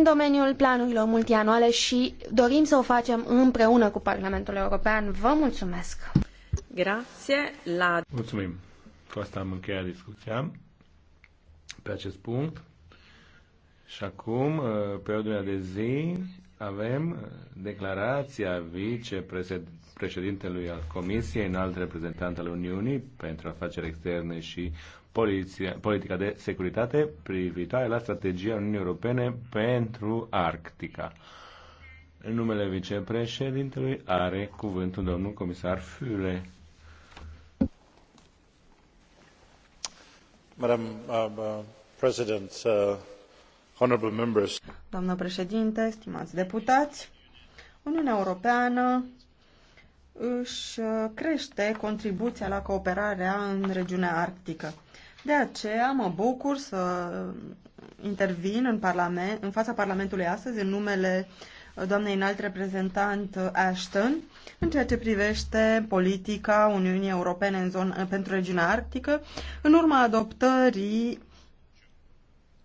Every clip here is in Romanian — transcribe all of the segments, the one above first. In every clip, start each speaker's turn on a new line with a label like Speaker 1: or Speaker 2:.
Speaker 1: în domeniul planurilor multianuale și dorim să o facem împreună cu Parlamentul European. Vă mulțumesc!
Speaker 2: Grație la...
Speaker 3: Mulțumim! Cu asta am încheiat discuția pe acest punct. Și acum, eh, pe ordinea de zi, avem eh, declarația vicepreședintelui președintelui al Comisiei, înalt reprezentant al Uniunii pentru afaceri externe și poliția, politica de securitate privitoare la strategia Uniunii Europene pentru Arctica. În numele vicepreședintelui are cuvântul domnul comisar Füle. Madam uh, uh President, uh,
Speaker 4: honorable members. Doamnă președinte, stimați deputați, Uniunea Europeană își uh, crește contribuția la cooperarea în regiunea arctică. De aceea mă bucur să intervin în, parlament, în fața Parlamentului astăzi în numele doamnei înalt reprezentant uh, Ashton în ceea ce privește politica Uniunii Europene în zonă, uh, pentru regiunea arctică în urma adoptării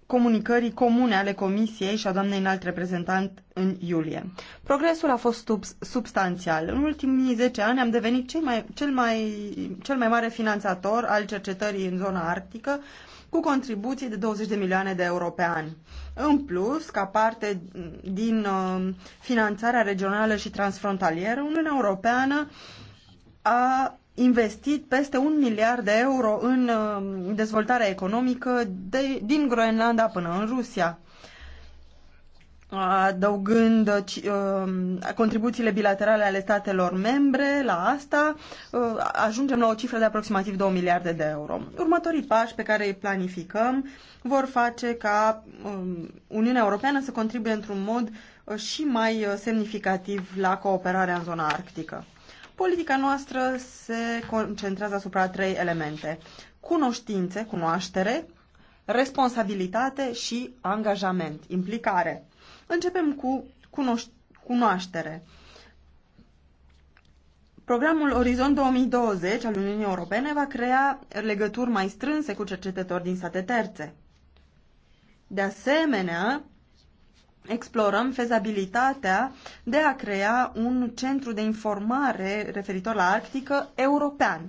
Speaker 4: comunicării comune ale Comisiei și a doamnei înalt reprezentant în iulie. Progresul a fost sub, substanțial. În ultimii 10 ani am devenit cel mai, cel, mai, cel mai mare finanțator al cercetării în zona arctică, cu contribuții de 20 de milioane de euro pe an. În plus, ca parte din uh, finanțarea regională și transfrontalieră, Uniunea Europeană a investit peste un miliard de euro în um, dezvoltarea economică de, din Groenlanda până în Rusia, adăugând uh, um, contribuțiile bilaterale ale statelor membre la asta, uh, ajungem la o cifră de aproximativ 2 miliarde de euro. Următorii pași pe care îi planificăm vor face ca um, Uniunea Europeană să contribuie într-un mod uh, și mai semnificativ la cooperarea în zona arctică. Politica noastră se concentrează asupra trei elemente. Cunoștințe, cunoaștere, responsabilitate și angajament, implicare. Începem cu cunoaștere. Programul Orizont 2020 al Uniunii Europene va crea legături mai strânse cu cercetători din state terțe. De asemenea, explorăm fezabilitatea de a crea un centru de informare referitor la Arctică european.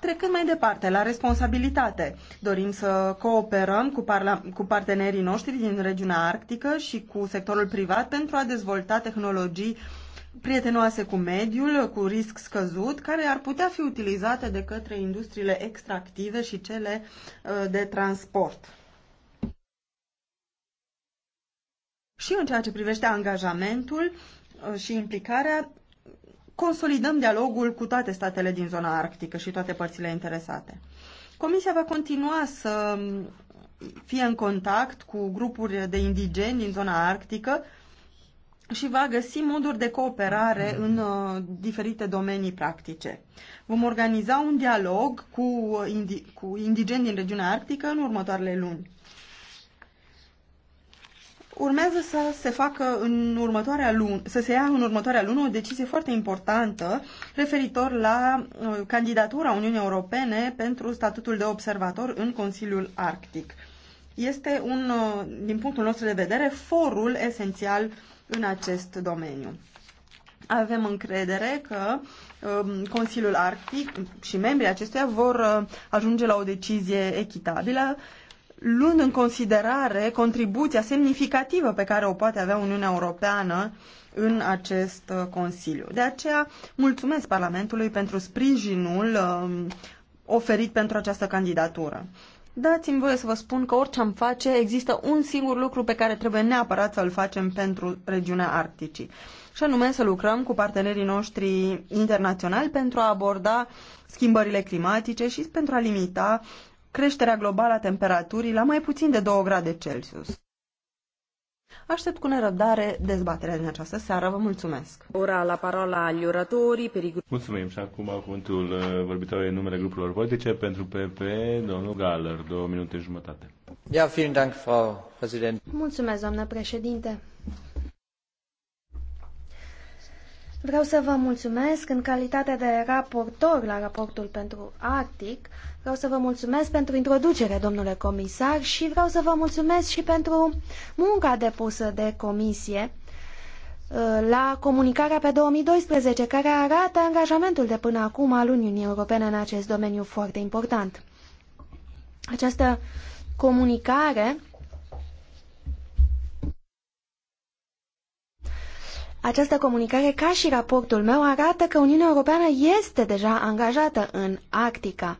Speaker 4: Trecând mai departe, la responsabilitate, dorim să cooperăm cu, cu partenerii noștri din regiunea arctică și cu sectorul privat pentru a dezvolta tehnologii prietenoase cu mediul, cu risc scăzut, care ar putea fi utilizate de către industriile extractive și cele uh, de transport. și în ceea ce privește angajamentul uh, și implicarea, consolidăm dialogul cu toate statele din zona arctică și toate părțile interesate. Comisia va continua să fie în contact cu grupuri de indigeni din zona arctică și va găsi moduri de cooperare în uh, diferite domenii practice. Vom organiza un dialog cu, uh, indigeni din regiunea arctică în următoarele luni. Urmează să se facă în următoarea lună, să se ia în următoarea lună o decizie foarte importantă referitor la uh, candidatura Uniunii Europene pentru statutul de observator în Consiliul Arctic. Este un, uh, din punctul nostru de vedere, forul esențial în acest domeniu. Avem încredere că um, Consiliul Arctic și membrii acestuia vor uh, ajunge la o decizie echitabilă luând în considerare contribuția semnificativă pe care o poate avea Uniunea Europeană în acest uh, Consiliu. De aceea, mulțumesc Parlamentului pentru sprijinul um, oferit pentru această candidatură. Dați-mi voie să vă spun că orice am face, există un singur lucru pe care trebuie neapărat să-l facem pentru regiunea Arcticii. Și anume să lucrăm cu partenerii noștri internaționali pentru a aborda schimbările climatice și pentru a limita creșterea globală a temperaturii la mai puțin de 2 grade Celsius. Aștept cu nerăbdare dezbaterea din această seară. Vă mulțumesc.
Speaker 2: Ora la parola al oratori. Perigur...
Speaker 3: Mulțumim și acum cuvântul uh, vorbitorului în numele grupurilor politice pentru PP, domnul Galler, două minute jumătate. Ja, vielen Dank, Frau
Speaker 5: Präsident.
Speaker 1: Mulțumesc, doamnă președinte. Vreau să vă mulțumesc în calitate de raportor la raportul pentru Arctic Vreau să vă mulțumesc pentru introducere, domnule comisar, și vreau să vă mulțumesc și pentru munca depusă de comisie uh, la comunicarea pe 2012, care arată angajamentul de până acum al Uniunii Europene în acest domeniu foarte important. Această comunicare Această comunicare, ca și raportul meu, arată că Uniunea Europeană este deja angajată în Arctica.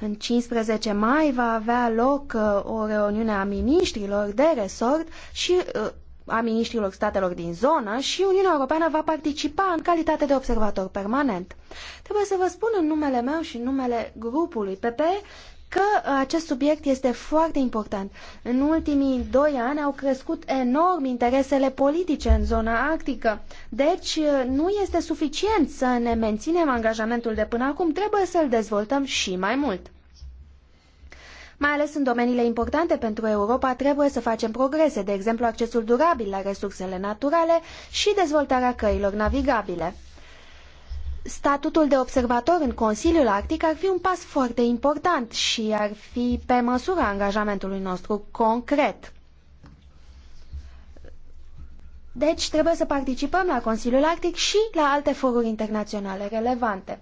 Speaker 1: În 15 mai va avea loc uh, o reuniune a miniștrilor de resort și uh, a miniștrilor statelor din zonă și Uniunea Europeană va participa în calitate de observator permanent. Trebuie să vă spun în numele meu și în numele grupului PP că uh, acest subiect este foarte important. În ultimii doi ani au crescut enorm interesele politice în zona arctică. Deci uh, nu este suficient să ne menținem angajamentul de până acum, trebuie să-l dezvoltăm și mai mult. Mai ales în domeniile importante pentru Europa trebuie să facem progrese, de exemplu accesul durabil la resursele naturale și dezvoltarea căilor navigabile statutul de observator în Consiliul Arctic ar fi un pas foarte important și ar fi pe măsura angajamentului nostru concret. Deci trebuie să participăm la Consiliul Arctic și la alte foruri internaționale relevante.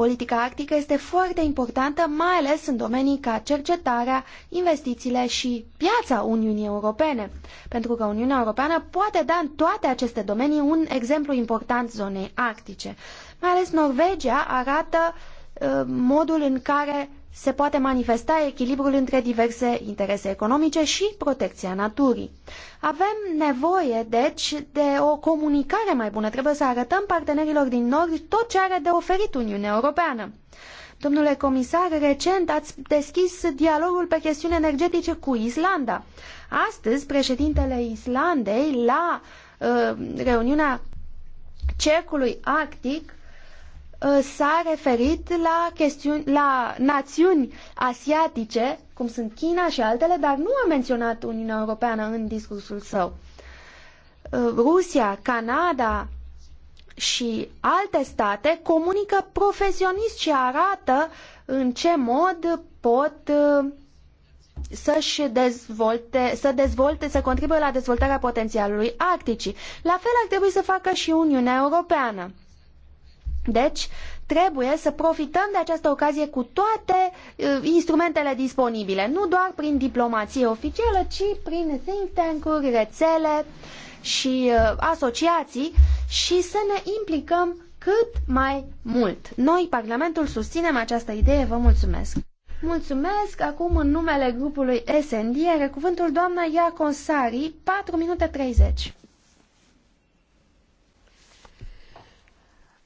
Speaker 1: Politica arctică este foarte importantă, mai ales în domenii ca cercetarea, investițiile și piața Uniunii Europene, pentru că Uniunea Europeană poate da în toate aceste domenii un exemplu important zonei arctice. Mai ales Norvegia arată uh, modul în care se poate manifesta echilibrul între diverse interese economice și protecția naturii. Avem nevoie, deci, de o comunicare mai bună. Trebuie să arătăm partenerilor din Nord tot ce are de oferit Uniunea Europeană. Domnule comisar, recent ați deschis dialogul pe chestiuni energetice cu Islanda. Astăzi, președintele Islandei, la uh, reuniunea Cercului Arctic, Uh, s-a referit la, chestiuni, la națiuni asiatice, cum sunt China și altele, dar nu a menționat Uniunea Europeană în discursul său. Uh, Rusia, Canada și alte state comunică profesionist și arată în ce mod pot uh, să-și dezvolte, să dezvolte, să contribuie la dezvoltarea potențialului Arcticii. La fel ar trebui să facă și Uniunea Europeană. Deci, trebuie să profităm de această ocazie cu toate uh, instrumentele disponibile, nu doar prin diplomație oficială, ci prin think tank-uri, rețele și uh, asociații și să ne implicăm cât mai mult. Noi, Parlamentul, susținem această idee. Vă mulțumesc! Mulțumesc! Acum, în numele grupului SND, are cuvântul doamna Iaconsari, 4 minute 30.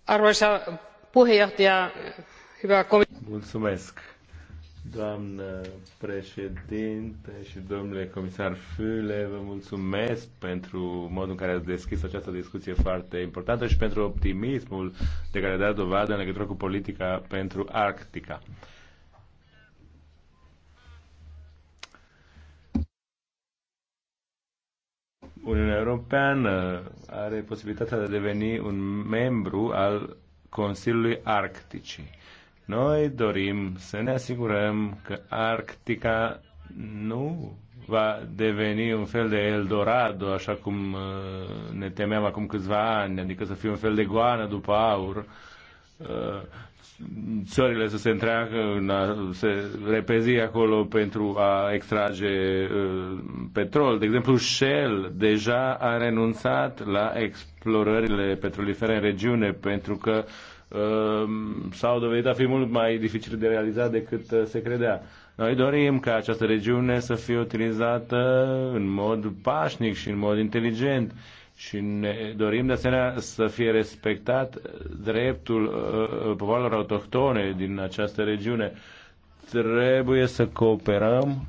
Speaker 5: Arvoisa puheenjohtaja, hyvä
Speaker 3: Mulțumesc, doamnă președinte și domnule comisar Füle, vă mulțumesc pentru modul în care ați deschis această discuție foarte importantă și pentru optimismul de care a dat dovadă în legătură cu politica pentru Arctica. Uniunea Europeană are posibilitatea de a deveni un membru al Consiliului Arcticii. Noi dorim să ne asigurăm că Arctica nu va deveni un fel de Eldorado, așa cum uh, ne temeam acum câțiva ani, adică să fie un fel de goană după aur, uh, țările să se întreagă, în a, se repezi acolo pentru a extrage uh, petrol. De exemplu, Shell deja a renunțat la explorările petrolifere în regiune pentru că uh, s-au dovedit a fi mult mai dificil de realizat decât uh, se credea. Noi dorim ca această regiune să fie utilizată în mod pașnic și în mod inteligent și ne dorim de asemenea să fie respectat dreptul uh, uh, popoarelor autohtone din această regiune. Trebuie să cooperăm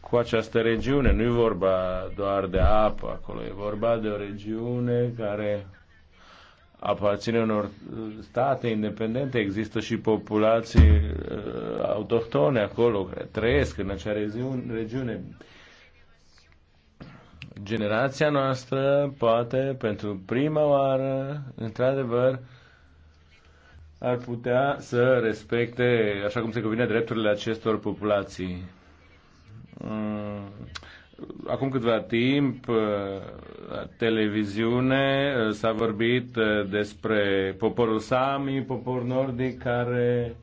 Speaker 3: cu această regiune. Nu e vorba doar de apă acolo, e vorba de o regiune care aparține unor state independente. Există și populații uh, autohtone acolo care trăiesc în acea regiune. regiune generația noastră poate pentru prima oară, într-adevăr, ar putea să respecte, așa cum se cuvine, drepturile acestor populații. Mm, acum câtva timp, uh, la televiziune uh, s-a vorbit uh, despre poporul Sami, popor nordic care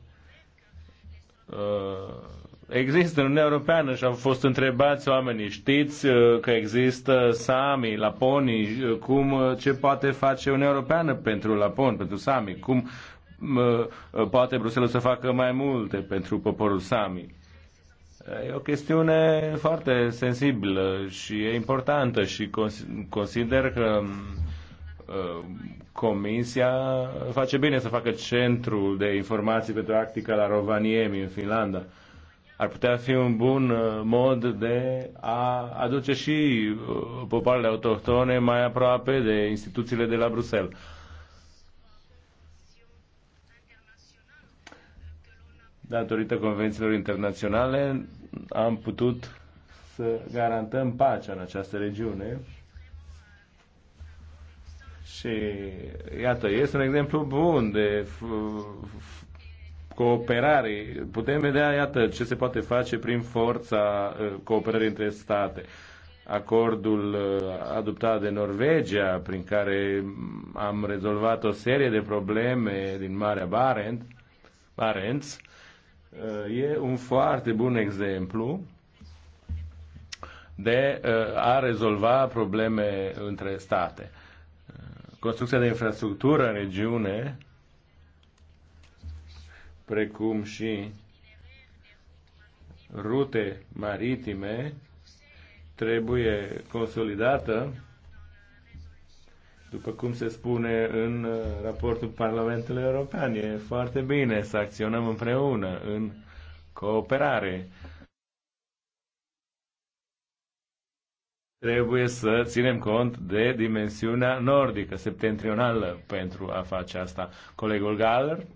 Speaker 3: uh, există în Uniunea Europeană și au fost întrebați oamenii, știți uh, că există Sami, Laponi, uh, cum, uh, ce poate face Uniunea Europeană pentru Lapon, pentru Sami, cum poate Bruxelles să facă mai multe pentru poporul Sami. E o chestiune foarte sensibilă și e importantă și consider că Comisia face bine să facă centrul de informații pentru Arctica la Rovaniemi în Finlanda ar putea fi un bun uh, mod de a aduce și uh, popoarele autohtone mai aproape de instituțiile de la Bruxelles. Datorită convențiilor internaționale am putut să garantăm pacea în această regiune și iată, este un exemplu bun de cooperare. Putem vedea, iată, ce se poate face prin forța uh, cooperării între state. Acordul uh, adoptat de Norvegia, prin care am rezolvat o serie de probleme din Marea Barent, Barents, uh, e un foarte bun exemplu de a rezolva probleme între state. Construcția de infrastructură în regiune precum și rute maritime, trebuie consolidată, după cum se spune în uh, raportul Parlamentului European. E foarte bine să acționăm împreună, în cooperare. trebuie să ținem cont de dimensiunea nordică, septentrională, pentru a face asta. Colegul Galler?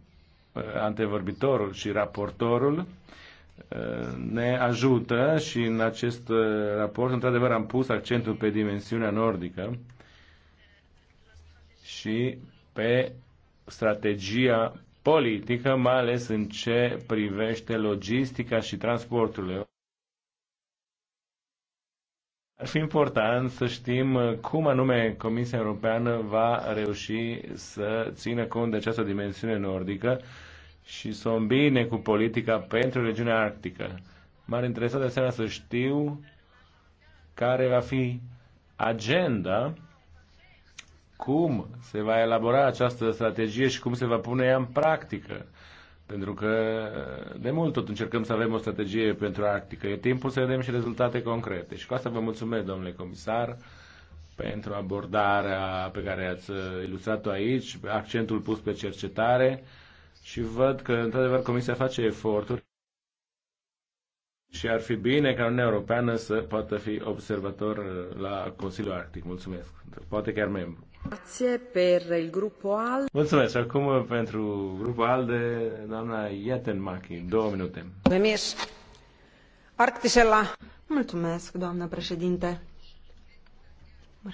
Speaker 3: antevorbitorul și raportorul uh, ne ajută și în acest uh, raport, într-adevăr, am pus accentul pe dimensiunea nordică și pe strategia politică, mai ales în ce privește logistica și transporturile. Ar fi important să știm cum anume Comisia Europeană va reuși să țină cont de această dimensiune nordică și sunt bine cu politica pentru regiunea arctică. M-ar interesa de asemenea să știu care va fi agenda, cum se va elabora această strategie și cum se va pune ea în practică. Pentru că de mult tot încercăm să avem o strategie pentru Arctică. E timpul să vedem și rezultate concrete. Și cu asta vă mulțumesc, domnule comisar, pentru abordarea pe care ați ilustrat-o aici, accentul pus pe cercetare și văd că, într-adevăr, Comisia face eforturi și ar fi bine ca Uniunea Europeană să poată fi observator uh, la Consiliul Arctic. Mulțumesc. Poate chiar membru.
Speaker 4: Grazie per il gruppo ALDE.
Speaker 3: Mulțumesc. Acum pentru grupul ALDE, doamna Iatenmachi, două minute.
Speaker 4: Demis. Arcticella. Mulțumesc, doamnă președinte.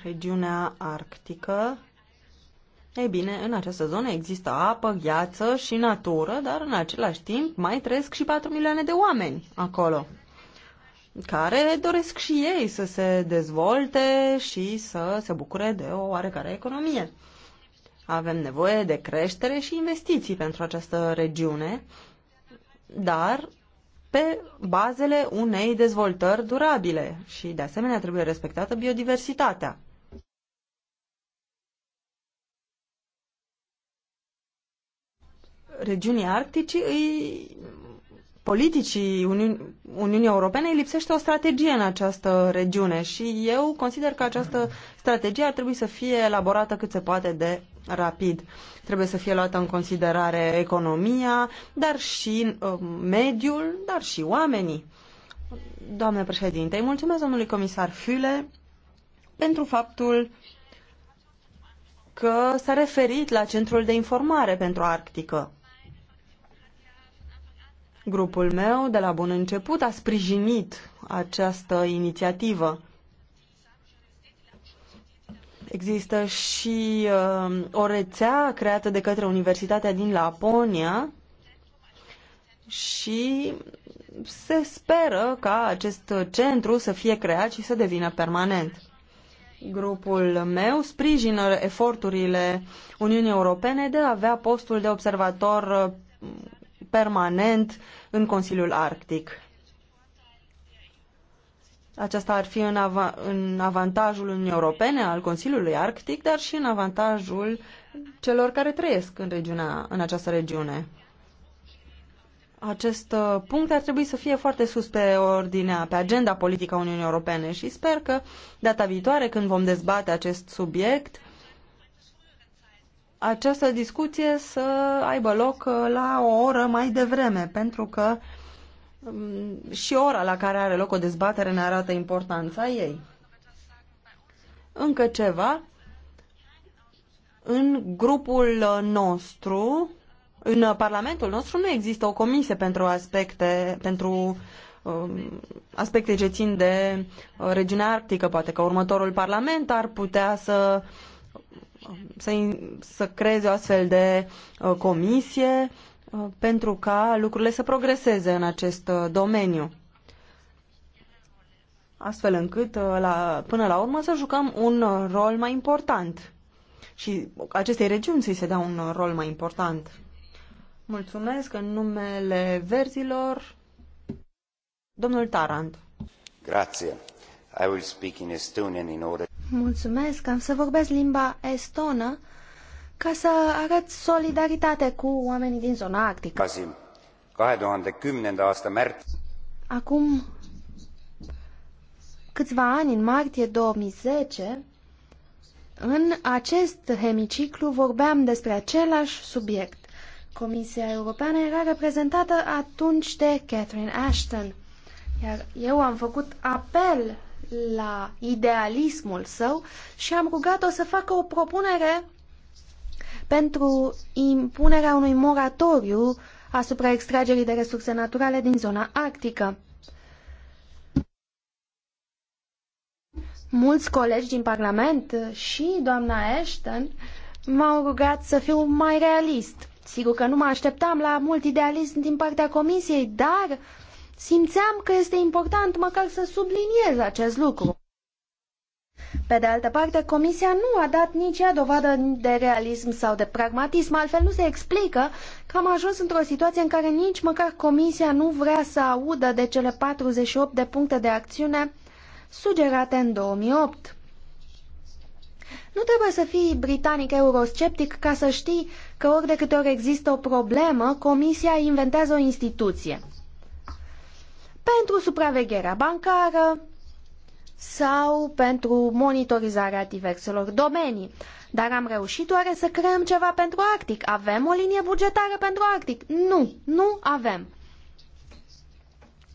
Speaker 4: Regiunea arctică ei bine, în această zonă există apă, gheață și natură, dar în același timp mai trăiesc și 4 milioane de oameni acolo, care doresc și ei să se dezvolte și să se bucure de o oarecare economie. Avem nevoie de creștere și investiții pentru această regiune, dar pe bazele unei dezvoltări durabile și, de asemenea, trebuie respectată biodiversitatea. regiunii arctice, îi, politicii Uniunii Uniunii Europene îi lipsește o strategie în această regiune și eu consider că această strategie ar trebui să fie elaborată cât se poate de rapid. Trebuie să fie luată în considerare economia, dar și uh, mediul, dar și oamenii. Doamne președinte, îi mulțumesc domnului comisar Füle pentru faptul că s-a referit la Centrul de Informare pentru Arctică. Grupul meu, de la bun început, a sprijinit această inițiativă. Există și uh, o rețea creată de către Universitatea din Laponia și se speră ca acest centru să fie creat și să devină permanent. Grupul meu sprijină eforturile Uniunii Europene de a avea postul de observator uh, permanent în Consiliul Arctic. Aceasta ar fi în, av- în avantajul Uniunii Europene, al Consiliului Arctic, dar și în avantajul celor care trăiesc în, regiunea, în această regiune. Acest uh, punct ar trebui să fie foarte sus pe ordinea, pe agenda politică a Uniunii Europene și sper că data viitoare, când vom dezbate acest subiect, această discuție să aibă loc uh, la o oră mai devreme, pentru că um, și ora la care are loc o dezbatere ne arată importanța ei. Încă ceva, în grupul uh, nostru, în Parlamentul nostru nu există o comisie pentru aspecte, pentru um, aspecte ce țin de uh, regiunea arctică. Poate că următorul Parlament ar putea să uh, să, să creeze o astfel de uh, comisie uh, pentru ca lucrurile să progreseze în acest uh, domeniu. Astfel încât, la, până la urmă, să jucăm un rol mai important. Și acestei regiuni să-i se dea un rol mai important. Mulțumesc în numele verzilor. Domnul Tarand.
Speaker 5: Grazie. I will speak in Estonian in order
Speaker 4: Mulțumesc, am să vorbesc limba
Speaker 1: estonă ca să arăt solidaritate cu oamenii din zona arctică. Acum câțiva ani, în martie 2010, în acest hemiciclu vorbeam despre același subiect. Comisia Europeană era reprezentată atunci de Catherine Ashton, iar eu am făcut apel la idealismul său și am rugat-o să facă o propunere pentru impunerea unui moratoriu asupra extragerii de resurse naturale din zona arctică. Mulți colegi din Parlament și doamna Ashton m-au rugat să fiu mai realist. Sigur că nu mă așteptam la mult idealism din partea Comisiei, dar uh, simțeam că este important măcar să subliniez acest lucru. Pe de altă parte, Comisia nu a dat nici ea dovadă de realism sau de pragmatism, altfel nu se explică că am ajuns într-o situație în care nici măcar Comisia nu vrea să audă de cele 48 de puncte de acțiune sugerate în 2008. Nu trebuie să fii britanic eurosceptic ca să știi că ori de câte ori există o problemă, Comisia inventează o instituție pentru supravegherea bancară sau pentru monitorizarea diverselor domenii. Dar am reușit oare să creăm ceva pentru Arctic? Avem o linie bugetară pentru Arctic? Nu, nu avem.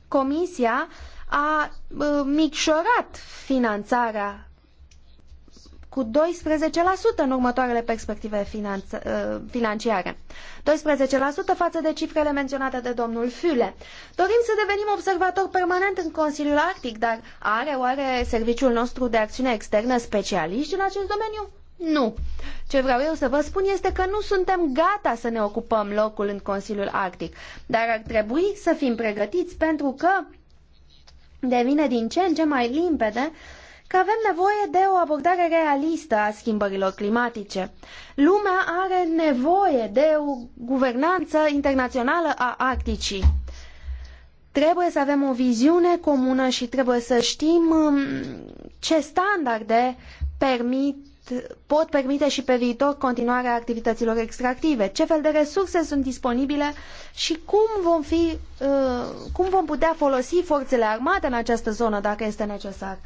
Speaker 1: Comisia a uh, micșorat finanțarea cu 12% în următoarele perspective uh, financiare. 12% față de cifrele menționate de domnul Füle. Dorim să devenim observator permanent în Consiliul Arctic, dar are oare serviciul nostru de acțiune externă specialiști în acest domeniu? Nu. Ce vreau eu să vă spun este că nu suntem gata să ne ocupăm locul în Consiliul Arctic, dar ar trebui să fim pregătiți pentru că devine din ce în ce mai limpede uh, că avem nevoie de o abordare realistă a schimbărilor climatice. Lumea are nevoie de o guvernanță internațională a Arcticii. Trebuie să avem o viziune comună și trebuie să știm um, ce standarde permit pot permite și pe viitor continuarea activităților extractive, ce fel de resurse sunt disponibile și cum vom, fi, uh, cum vom putea folosi forțele armate în această zonă dacă este necesar.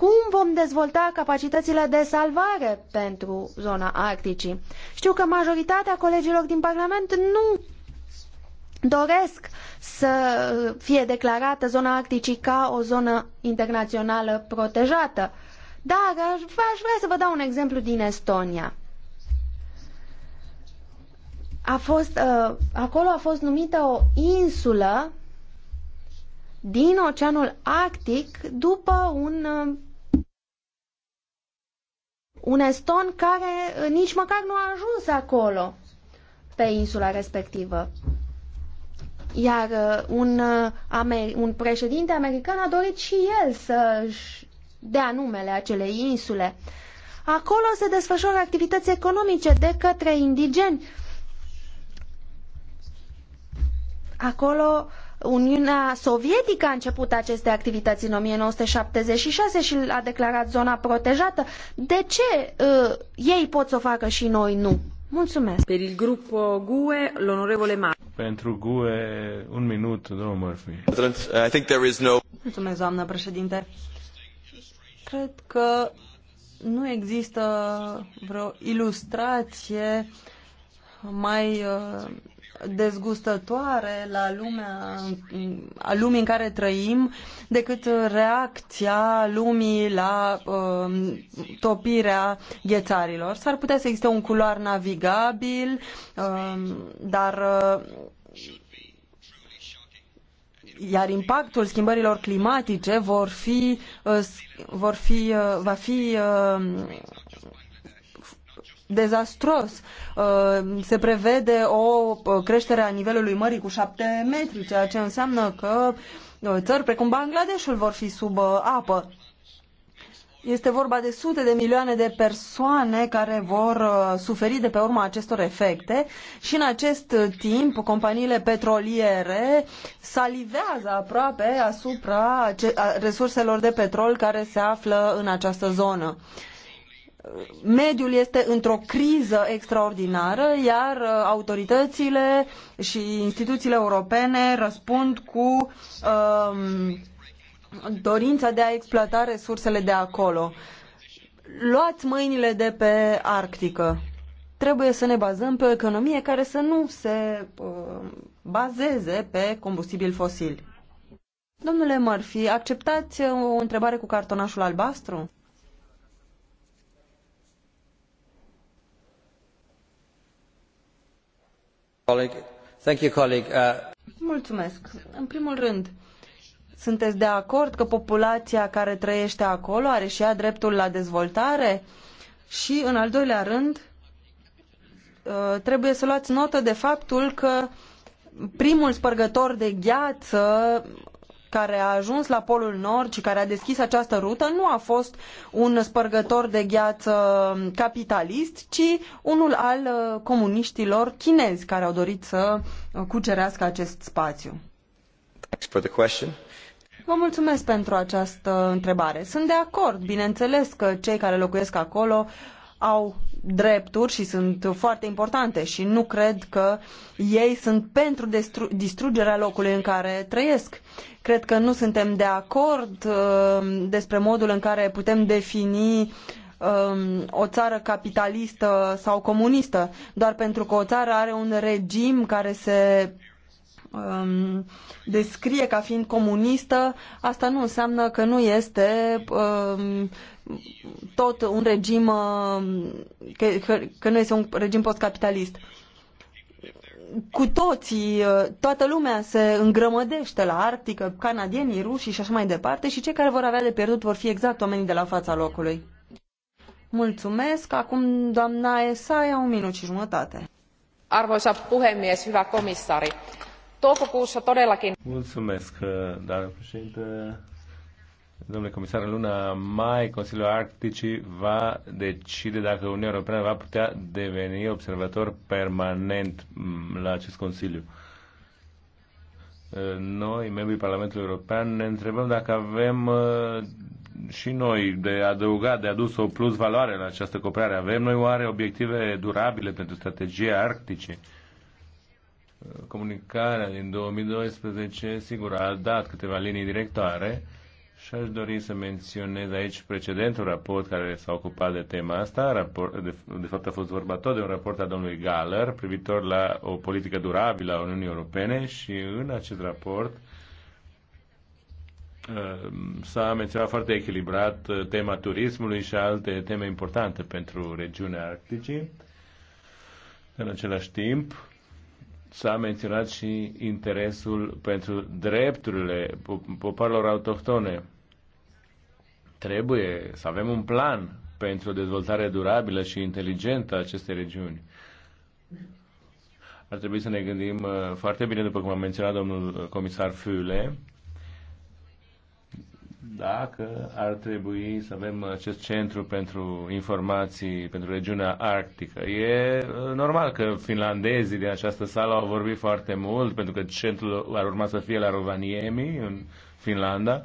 Speaker 1: Cum vom dezvolta capacitățile de salvare pentru zona Arcticii? Știu că majoritatea colegilor din Parlament nu doresc să fie declarată zona Arcticii ca o zonă internațională protejată. Dar aș vrea, aș vrea să vă dau un exemplu din Estonia. A fost, uh, acolo a fost numită o insulă din Oceanul Arctic după un uh, un eston care eh, nici măcar nu a ajuns acolo, pe insula respectivă. Iar eh, un, eh, un președinte american a dorit și el să-și dea numele acelei insule. Acolo se desfășoară activități economice de către indigeni. Acolo uh, Uniunea Sovietică a început aceste activități în 1976 și a declarat zona protejată. De ce uh, ei
Speaker 4: pot să o facă și noi nu? Mulțumesc. Per il gruppo GUE, l'onorevole Murphy. Pentru
Speaker 3: GUE, un minut, domnul Murphy. I think there is no...
Speaker 4: Mulțumesc, doamnă președinte. Cred că nu există vreo ilustrație mai uh, dezgustătoare la lumea, a lumii în care trăim decât reacția lumii la uh, topirea ghețarilor. S-ar putea să existe un culoar navigabil, uh, dar uh, iar impactul schimbărilor climatice vor fi, uh, vor fi, uh, va fi uh, dezastros. Uh, se prevede o creștere a nivelului mării cu șapte metri, ceea ce înseamnă că uh, țări precum Bangladeshul vor fi sub uh, apă. Este vorba de sute de milioane de persoane care vor suferi de pe urma acestor efecte și în acest timp companiile petroliere salivează aproape asupra resurselor de petrol care se află în această zonă mediul este într-o criză extraordinară, iar uh, autoritățile și instituțiile europene răspund cu um, dorința de a exploata resursele de acolo. Luați mâinile de pe Arctică. Trebuie să ne bazăm pe o economie care să nu se uh, bazeze pe combustibil fosil. Domnule Murphy, acceptați uh, o întrebare cu cartonașul albastru? Uh, Mulțumesc. În primul rând, sunteți de acord că populația care trăiește acolo are și ea dreptul la dezvoltare? Și, în al doilea rând, uh, trebuie să luați notă de faptul că primul spărgător de gheață care a ajuns la Polul Nord și care a deschis această rută nu a fost un spărgător de gheață capitalist, ci unul al uh, comuniștilor chinezi care au dorit să uh, cucerească acest spațiu. Vă mulțumesc pentru această întrebare. Sunt de acord, bineînțeles că cei care locuiesc acolo au drepturi și sunt foarte importante și nu cred că ei sunt pentru distrugerea locului în care trăiesc. Cred că nu suntem de acord uh, despre modul în care putem defini um, o țară capitalistă sau comunistă, doar pentru că o țară are un regim care se um, descrie ca fiind comunistă, asta nu înseamnă că nu este um, tot un regim, uh, că, că nu este un regim postcapitalist. Cu toții, uh, toată lumea se îngrămădește la Arctică, canadienii, rușii și așa mai departe și cei care vor avea de pierdut vor fi exact oamenii de la fața locului. Mulțumesc. Acum doamna Esaia, un minut și jumătate. Arvoisa puhemies, hyvä komissari. Toukokuussa todellakin...
Speaker 3: Mulțumesc, uh, doamna președinte. Domnule comisar, în luna mai, Consiliul Arcticii va decide dacă Uniunea Europeană va putea deveni observator permanent mm, la acest Consiliu. Eh, noi, membrii Parlamentului European, ne întrebăm dacă avem eh, și noi de adăugat, de adus o plus valoare la această cooperare. Avem noi oare obiective durabile pentru strategia arctice? Eh, comunicarea din 2012, sigur, a dat câteva linii directoare, și aș dori să menționez aici precedentul raport care s-a ocupat de tema asta. Raport, de, de fapt a fost vorba tot de un raport al domnului Galler privitor la o politică durabilă a Uniunii Europene și în acest raport uh, s-a menționat foarte echilibrat uh, tema turismului și alte teme importante pentru regiunea Arcticii. În același timp, s-a menționat și interesul pentru drepturile popoarelor autohtone Trebuie să avem un plan pentru o dezvoltare durabilă și inteligentă a acestei regiuni. Ar trebui să ne gândim uh, foarte bine, după cum a menționat domnul uh, comisar Füle, dacă ar trebui să avem acest centru pentru informații pentru regiunea arctică. E uh, normal că finlandezii din această sală au vorbit foarte mult, pentru că centrul ar urma să fie la Rovaniemi, în Finlanda,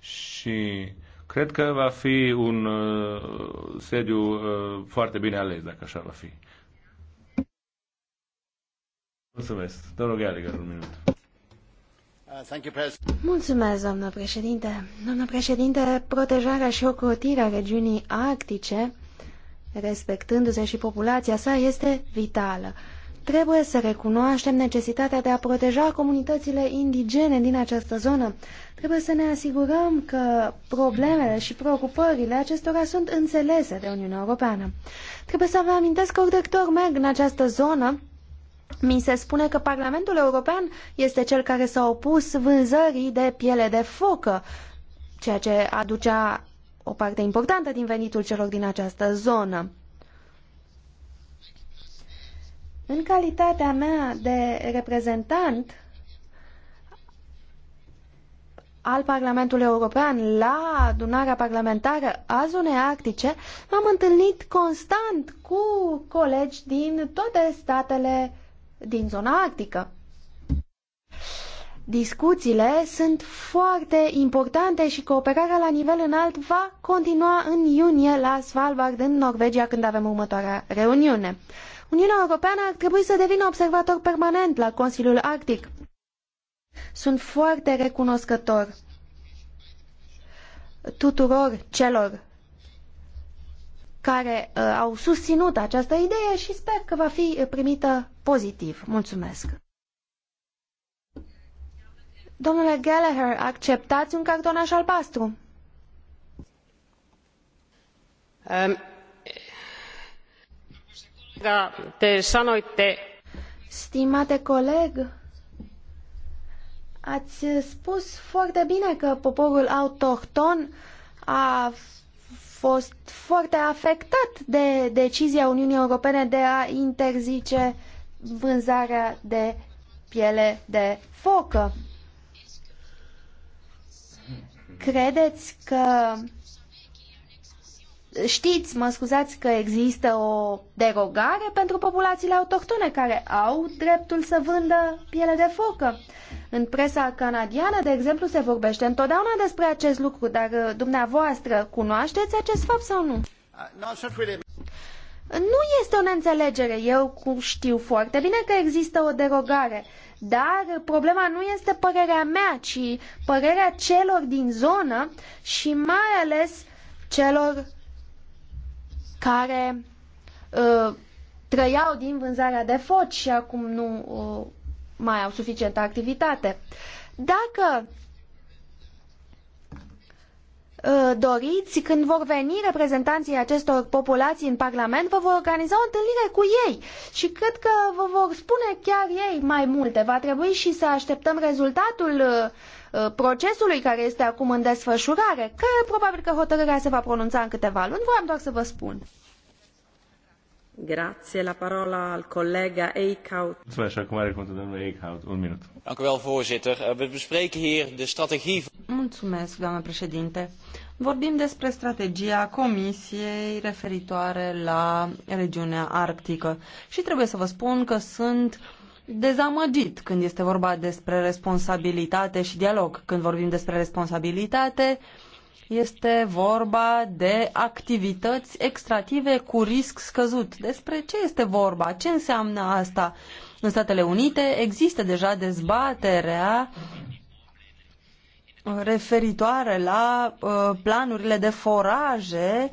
Speaker 3: și Cred că va fi un uh, sediu uh, foarte bine ales, dacă așa va fi. Mulțumesc. rog, Gallagher, un
Speaker 5: minut. Uh,
Speaker 1: Mulțumesc, doamnă președinte. Doamnă președinte, protejarea și ocrotirea regiunii arctice, respectându-se și populația sa, este vitală. Trebuie să recunoaștem necesitatea de a proteja comunitățile indigene din această zonă. Trebuie să ne asigurăm că problemele și preocupările acestora sunt înțelese de Uniunea Europeană. Trebuie să vă amintesc că ori de merg în această zonă, mi se spune că Parlamentul European este cel care s-a opus vânzării de piele de focă, ceea ce aducea o parte importantă din venitul celor din această zonă. În calitatea mea de reprezentant al Parlamentului European la adunarea parlamentară a zonei arctice, m-am întâlnit constant cu colegi din toate statele din zona arctică. Discuțiile sunt foarte importante și cooperarea la nivel înalt va continua în iunie la Svalbard, în Norvegia, când avem următoarea reuniune. Uniunea Europeană ar trebui să devină observator permanent la Consiliul Arctic. Sunt foarte recunoscător tuturor celor care uh, au susținut această idee și sper că va fi primită pozitiv. Mulțumesc! Domnule Gallagher, acceptați un cartonaș albastru?
Speaker 2: Um. Da, te
Speaker 1: Stimate coleg, ați spus foarte bine că poporul autohton a fost foarte afectat de decizia Uniunii Europene de a interzice vânzarea de piele de focă. Credeți că știți, mă scuzați că există o derogare pentru populațiile autohtone care au dreptul să vândă piele de focă. În presa canadiană, de exemplu, se vorbește întotdeauna despre acest lucru, dar uh, dumneavoastră cunoașteți acest fapt sau nu?
Speaker 5: Uh,
Speaker 1: nu este o neînțelegere. Eu știu foarte bine că există o derogare, dar problema nu este părerea mea, ci părerea celor din zonă și mai ales celor care uh, trăiau din vânzarea de foci și acum nu uh, mai au suficientă activitate. Dacă uh, doriți, când vor veni reprezentanții acestor populații în Parlament, vă vor organiza o întâlnire cu ei și cred că vă vor spune chiar ei mai multe. Va trebui și să așteptăm rezultatul uh, uh, procesului care este acum în desfășurare, că probabil că hotărârea se va pronunța în câteva luni, Vreau doar să vă spun.
Speaker 4: Grazie, la parola al collega Eickhout.
Speaker 3: Mulțumesc, acum are cuvântul domnul Eickhout. Un minut. Dank u wel, voorzitter. Eh, we bespreken hier de strategie...
Speaker 4: Mulțumesc, doamnă președinte. Vorbim despre strategia Comisiei referitoare la regiunea arctică și trebuie să vă spun că sunt dezamăgit când este vorba despre responsabilitate și dialog. Când vorbim despre responsabilitate, uh, este vorba de activități extrative cu risc scăzut. Despre ce este vorba? Ce înseamnă asta? În Statele Unite există deja dezbaterea referitoare la uh, planurile de foraje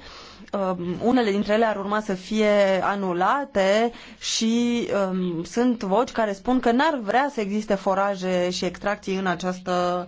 Speaker 4: uh, unele dintre ele ar urma să fie anulate și um, sunt voci care spun că n-ar vrea să existe foraje și extracții în această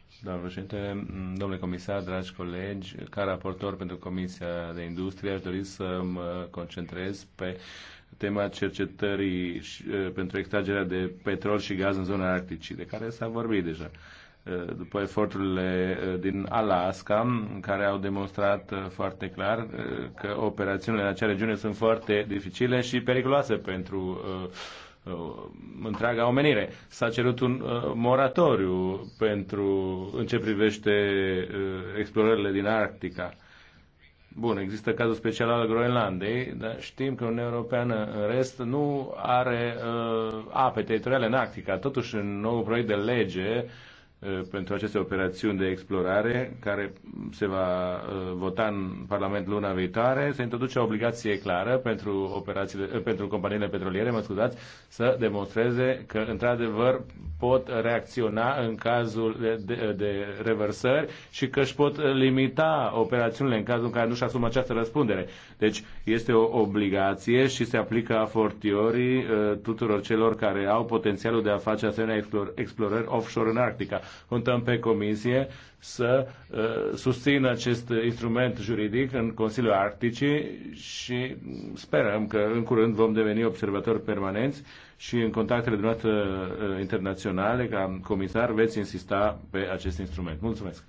Speaker 3: Doamne președinte, domnule comisar, dragi colegi, ca raportor pentru Comisia de Industrie aș dori să mă concentrez pe tema cercetării pentru extragerea de petrol și gaz în zona arcticii, de care s-a vorbit deja după eforturile din Alaska, care au demonstrat foarte clar că operațiunile în acea regiune sunt foarte dificile și periculoase pentru Uh, întreaga omenire. S-a cerut un uh, moratoriu pentru în ce privește uh, explorările din Arctica. Bun, există cazul special al Groenlandei, dar știm că Uniunea Europeană în rest nu are uh, ape teritoriale în Arctica. Totuși, în nou proiect de lege uh, Uh, pentru aceste operațiuni de explorare, care se va uh, vota în Parlament luna viitoare, se introduce o obligație clară pentru, operațiile, uh, pentru companiile petroliere, mă scuzați, să demonstreze că, într-adevăr, pot reacționa în cazul de, de, de reversări și că își pot limita operațiunile în cazul în care nu-și asumă această răspundere. Deci, este o obligație și se aplică a fortiori tuturor celor care au potențialul de a face asemenea explorări offshore în Arctica. Contăm pe Comisie să uh, susțină acest instrument juridic în Consiliul Arcticii și sperăm că în curând vom deveni observatori permanenți și în contactele dumneavoastră uh, internaționale, ca comisar, veți insista pe acest instrument. Mulțumesc!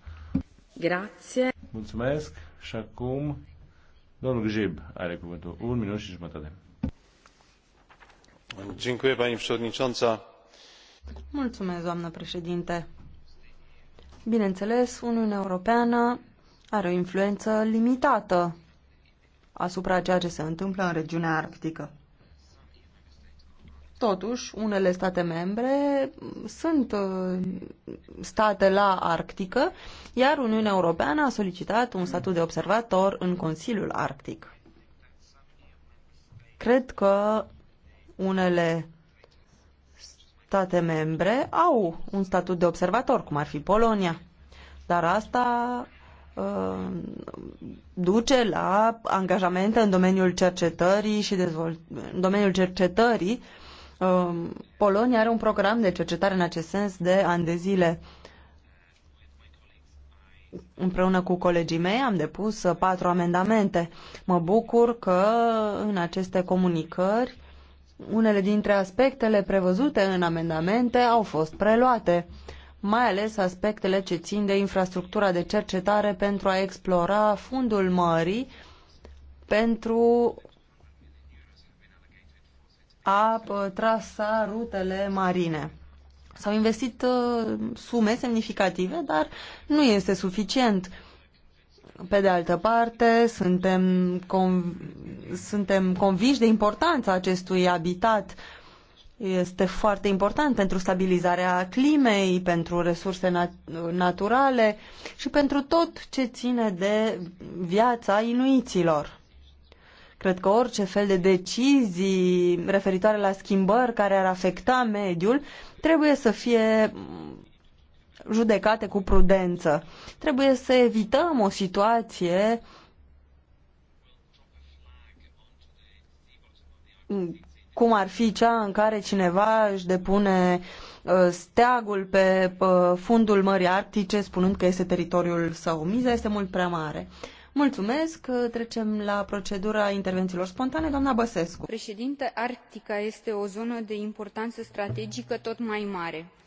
Speaker 2: Grație!
Speaker 3: Mulțumesc! Și acum, domnul Gjib are cuvântul. Un minut și jumătate.
Speaker 4: Mulțumesc, doamnă președinte. Bineînțeles, Uniunea Europeană are o influență limitată asupra ceea ce se întâmplă în regiunea arctică. Totuși, unele state membre sunt uh, state la Arctică, iar Uniunea Europeană a solicitat un statut de observator în Consiliul Arctic. Cred că unele state membre au un statut de observator, cum ar fi Polonia. Dar asta uh, duce la angajamente în domeniul cercetării și dezvolt... în domeniul cercetării. Um, Polonia are un program de cercetare în acest sens de ani de zile. Împreună cu colegii mei am depus patru amendamente. Mă bucur că în aceste comunicări unele dintre aspectele prevăzute în amendamente au fost preluate, mai ales aspectele ce țin de infrastructura de cercetare pentru a explora fundul mării pentru a trasa rutele marine. S-au investit uh, sume semnificative, dar nu este suficient. Uh, pe de altă parte, suntem, conv- suntem conviși de importanța acestui habitat. Este foarte important pentru stabilizarea climei, pentru resurse nat- naturale și pentru tot ce ține de viața inuiților. Cred că orice fel de decizii referitoare la schimbări care ar afecta mediul trebuie să fie judecate cu prudență. Trebuie să evităm o situație cum ar fi cea în care cineva își depune uh, steagul pe uh, fundul Mării Arctice spunând că este teritoriul său. Miza este mult prea mare. Mulțumesc. Uh, trecem la procedura intervențiilor spontane. Doamna Băsescu.
Speaker 2: Președinte, Arctica este o zonă de importanță strategică tot mai mare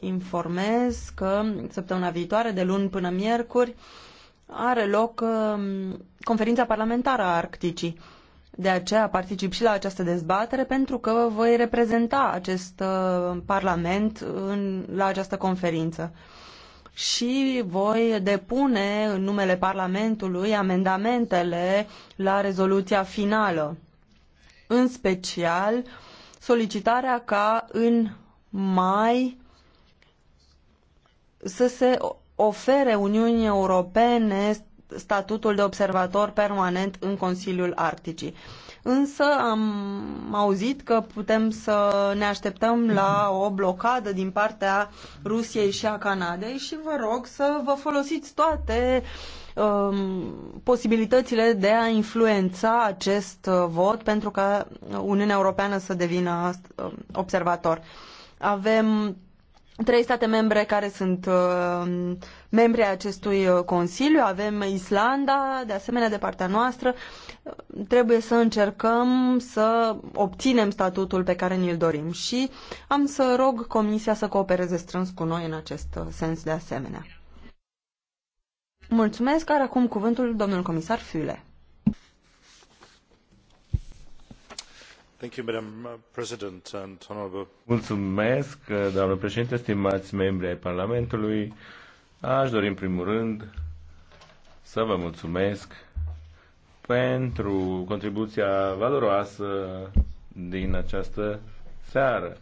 Speaker 4: informez că săptămâna viitoare, de luni până miercuri, are loc um, conferința parlamentară a Arcticii. De aceea particip și la această dezbatere pentru că voi reprezenta acest uh, parlament în, la această conferință. Și voi depune în numele Parlamentului amendamentele la rezoluția finală. În special, solicitarea ca în mai să se ofere Uniunii Europene statutul de observator permanent în Consiliul Arcticii. Însă am auzit că putem să ne așteptăm la o blocadă din partea Rusiei și a Canadei și vă rog să vă folosiți toate um, posibilitățile de a influența acest uh, vot pentru ca Uniunea Europeană să devină um, observator. Avem trei state membre care sunt uh, membri ai acestui uh, Consiliu, avem Islanda, de asemenea de partea noastră, uh, trebuie să încercăm să obținem statutul pe care ni-l dorim și am să rog Comisia să coopereze strâns cu noi în acest uh, sens de asemenea. Mulțumesc, are acum cuvântul domnul comisar Füle.
Speaker 3: Mulțumesc, doamnă președinte, stimați membri ai Parlamentului. Aș dori, în primul rând, să vă mulțumesc pentru contribuția valoroasă din această seară.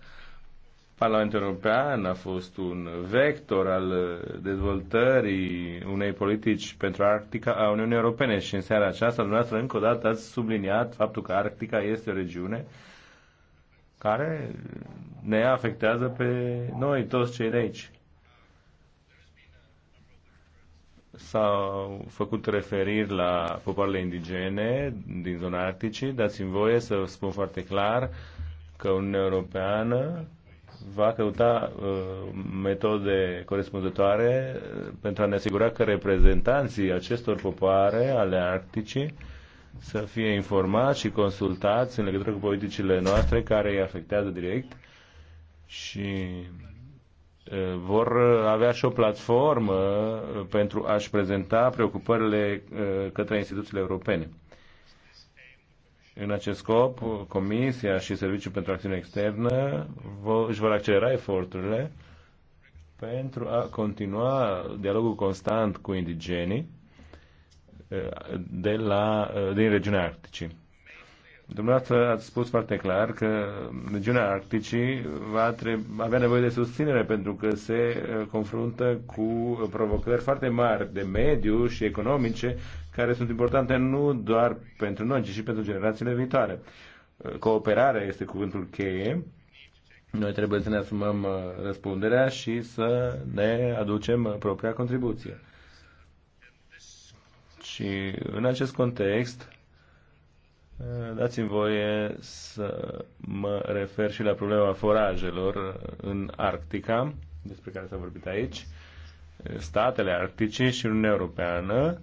Speaker 3: Parlamentul European a fost un vector al dezvoltării unei politici pentru Arctica a Uniunii Europene și în seara aceasta dumneavoastră încă o dată ați subliniat faptul că Arctica este o regiune care ne afectează pe noi, toți cei de aici. S-au făcut referiri la popoarele indigene din zona Arcticii. Dați-mi voie să spun foarte clar că Uniunea Europeană va căuta uh, metode corespunzătoare uh, pentru a ne asigura că reprezentanții acestor popoare ale Arcticii să fie informați și consultați în legătură cu politicile noastre care îi afectează direct și uh, vor avea și o platformă uh, pentru a-și prezenta preocupările către instituțiile europene. În acest scop, Comisia și Serviciul pentru Acțiune Externă își vor accelera eforturile pentru a continua dialogul constant cu indigenii eh, de la, eh, din regiunea Arcticii. Dumneavoastră ați spus foarte clar că regiunea Arcticii va treb- avea nevoie de susținere pentru că se uh, confruntă cu provocări foarte mari de mediu și economice care sunt importante nu doar pentru noi, ci și pentru generațiile viitoare. Uh, cooperarea este cuvântul cheie. Noi trebuie să ne asumăm uh, răspunderea și să ne aducem propria contribuție. Și în acest context, Dați-mi voie să mă refer și la problema forajelor în Arctica, despre care s-a vorbit aici. Statele Arctice și Uniunea Europeană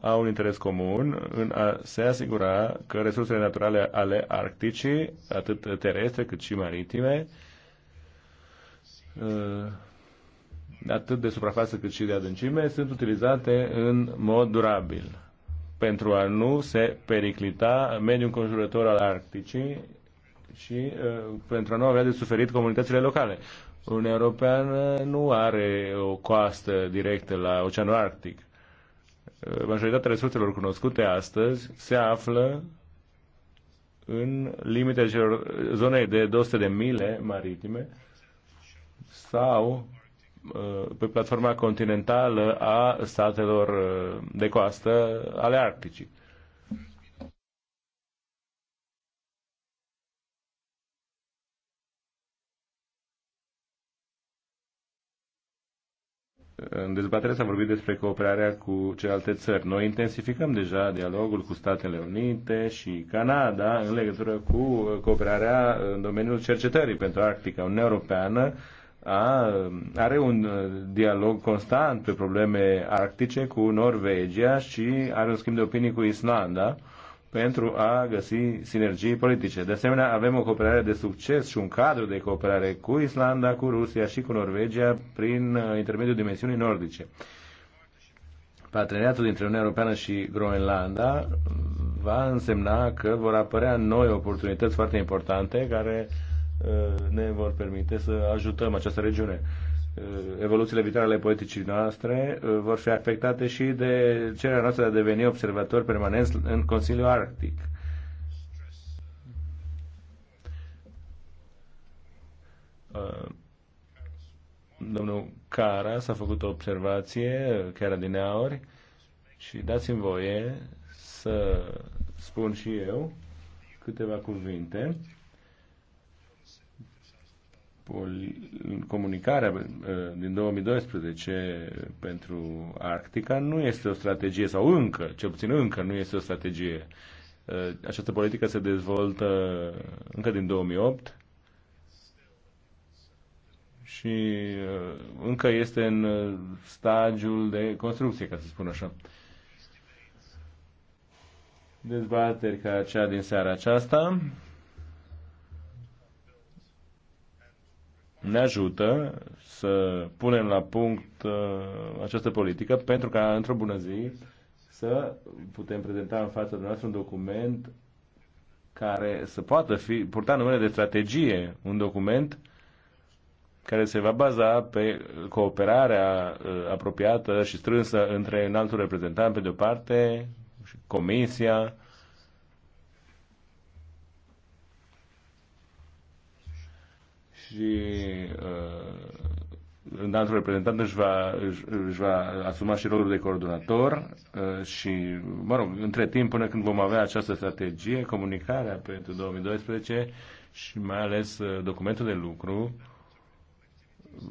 Speaker 3: au un interes comun în a se asigura că resursele naturale ale Arcticii, atât terestre cât și maritime, uh, atât de suprafață cât și de adâncime, sunt utilizate în mod durabil pentru a nu se periclita mediul înconjurător al Arcticii și uh, pentru a nu avea de suferit comunitățile locale. Uniunea Europeană nu are o coastă directă la Oceanul Arctic. Uh, majoritatea resurselor cunoscute astăzi se află în limitele zonei de 200 de mile maritime sau Uh, pe platforma continentală a statelor uh, de coastă ale Arcticii. În dezbatere s-a vorbit despre cooperarea cu celelalte țări. Noi intensificăm deja dialogul cu Statele Unite și Canada în legătură cu cooperarea în domeniul cercetării pentru Arctica. Uniunea Europeană a, are un uh, dialog constant pe probleme arctice cu Norvegia și are un schimb de opinii cu Islanda pentru a găsi sinergii politice. De asemenea, avem o cooperare de succes și un cadru de cooperare cu Islanda, cu Rusia și cu Norvegia prin uh, intermediul dimensiunii nordice. Parteneriatul dintre Uniunea Europeană și Groenlanda va însemna că vor apărea noi oportunități foarte importante care uh, Uh, ne vor permite să ajutăm această regiune. Uh, evoluțiile viitoare ale politicii noastre uh, vor fi afectate și de cererea noastră de a deveni observatori permanenți în Consiliul Arctic. Domnul Cara s-a făcut o observație chiar din auri și dați-mi voie să spun și eu câteva cuvinte comunicarea uh, din 2012 pentru Arctica nu este o strategie, sau încă, cel puțin încă nu este o strategie. Uh, această politică se dezvoltă încă din 2008 și uh, încă este în stadiul de construcție, ca să spun așa. Dezbateri ca cea din seara aceasta ne ajută să punem la punct uh, această politică pentru ca într-o bună zi să putem prezenta în fața dumneavoastră un document care să poată fi purta numele de strategie, un document care se va baza pe cooperarea uh, apropiată și strânsă între înaltul reprezentant pe de o parte și comisia și uh, înaltul reprezentant își va, își, își va asuma și rolul de coordonator uh, și, mă rog, între timp, până când vom avea această strategie, comunicarea pentru 2012 și mai ales uh, documentul de lucru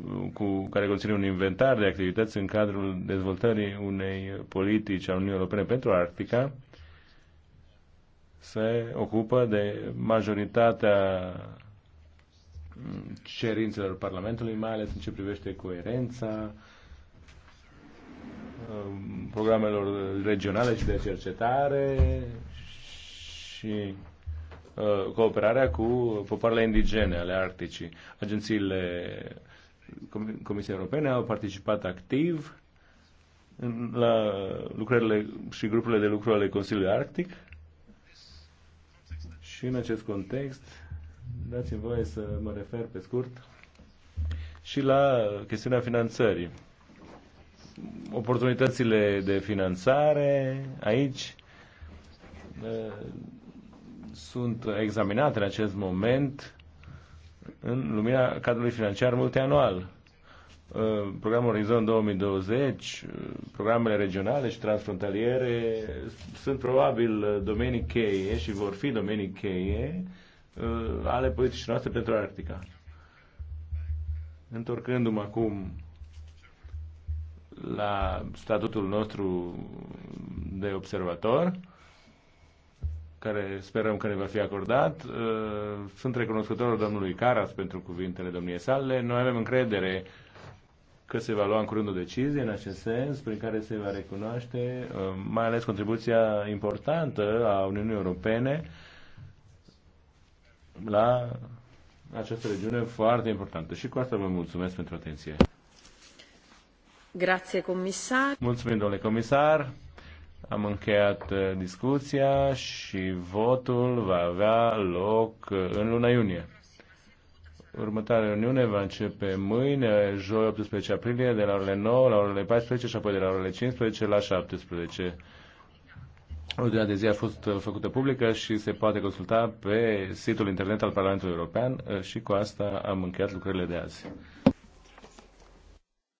Speaker 3: uh, cu, care conține un inventar de activități în cadrul dezvoltării unei politici a Uniunii Europene pentru Arctica, se ocupă de majoritatea cerințelor Parlamentului, mai ales în ce privește coerența um, programelor regionale și de cercetare și uh, cooperarea cu popoarele indigene ale Arcticii. Agențiile Comisiei Europene au participat activ la lucrările și grupurile de lucru ale Consiliului Arctic și în acest context Dați-mi voie să mă refer pe scurt și la chestiunea finanțării. Oportunitățile de finanțare aici uh, sunt examinate în acest moment în lumina cadrului financiar multianual. Uh, programul Orizont 2020, uh, programele regionale și transfrontaliere sunt probabil domenii cheie și vor fi domenii cheie Uh, ale politicii noastre pentru Arctica. Întorcându-mă acum la statutul nostru de observator, care sperăm că ne va fi acordat. Uh, sunt recunoscător domnului Caras pentru cuvintele domniei sale. Noi avem încredere că se va lua în curând o decizie în acest sens, prin care se va recunoaște uh, mai ales contribuția importantă a Uniunii Europene la această regiune foarte importantă. Și cu asta vă mulțumesc pentru atenție.
Speaker 4: Grazie, comisar.
Speaker 3: Mulțumim, domnule comisar. Am încheiat uh, discuția și votul va avea loc uh, în luna iunie. Următoarea reuniune va începe mâine, joi 18 aprilie, de la orele 9 la orele 14 și apoi de la orele 15 la 17. Ordinea de zi a fost uh, făcută publică și se poate consulta pe site-ul internet al Parlamentului European uh, și cu asta am încheiat lucrările de azi.